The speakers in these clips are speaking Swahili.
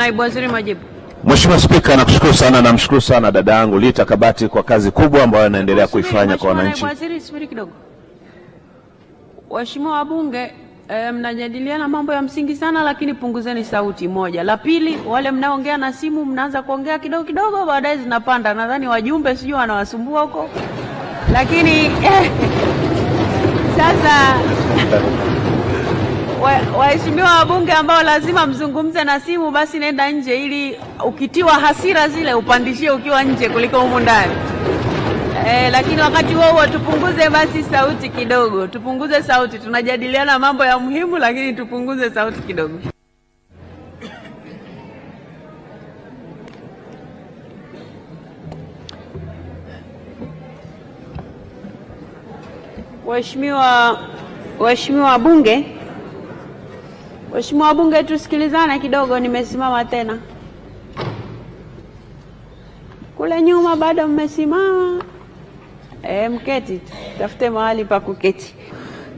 Naibu Waziri majibu. Mheshimiwa Spika, nakushukuru sana, namshukuru sana dada yangu Lita Kabati kwa kazi kubwa ambayo anaendelea kuifanya kwa wananchi. Naibu Waziri, subiri kidogo. Waheshimiwa wabunge, e, mnajadiliana mambo ya msingi sana, lakini punguzeni sauti moja. La pili, wale mnaongea na simu mnaanza kuongea kidogo kidogo, baadaye zinapanda. Nadhani wajumbe sijui wanawasumbua huko, lakini eh, sasa waheshimiwa wabunge ambao lazima mzungumze na simu, basi nenda nje, ili ukitiwa hasira zile upandishie ukiwa nje kuliko humu ndani. E, lakini wakati huo huo tupunguze basi sauti kidogo, tupunguze sauti. Tunajadiliana mambo ya muhimu, lakini tupunguze sauti kidogo. Waheshimiwa waheshimiwa wabunge Mheshimiwa Bunge, tusikilizane kidogo, nimesimama tena. Kule nyuma bado mmesimama. E, mketi, tafute mahali pa kuketi.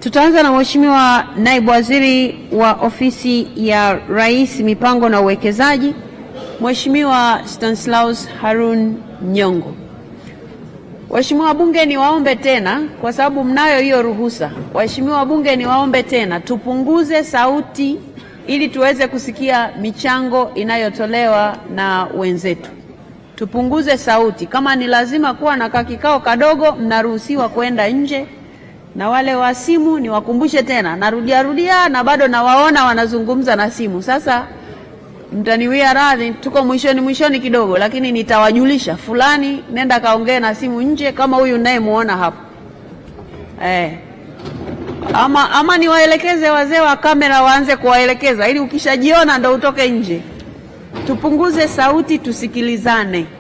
Tutaanza na Mheshimiwa Naibu Waziri wa Ofisi ya Rais, Mipango na Uwekezaji, Mheshimiwa Stanislaus Harun Nyongo. Waheshimiwa wabunge, niwaombe tena, kwa sababu mnayo hiyo ruhusa. Waheshimiwa wabunge, niwaombe tena, tupunguze sauti ili tuweze kusikia michango inayotolewa na wenzetu. Tupunguze sauti. Kama ni lazima kuwa na kakikao kadogo, mnaruhusiwa kwenda nje. Na wale wa simu niwakumbushe tena, narudiarudia na bado nawaona wanazungumza na simu sasa mtaniwia radhi, tuko mwishoni mwishoni kidogo, lakini nitawajulisha fulani, nenda kaongee na simu nje, kama huyu nayemwona hapo eh. Ama, ama niwaelekeze wazee wa kamera waanze kuwaelekeza, ili ukishajiona ndo utoke nje. Tupunguze sauti, tusikilizane.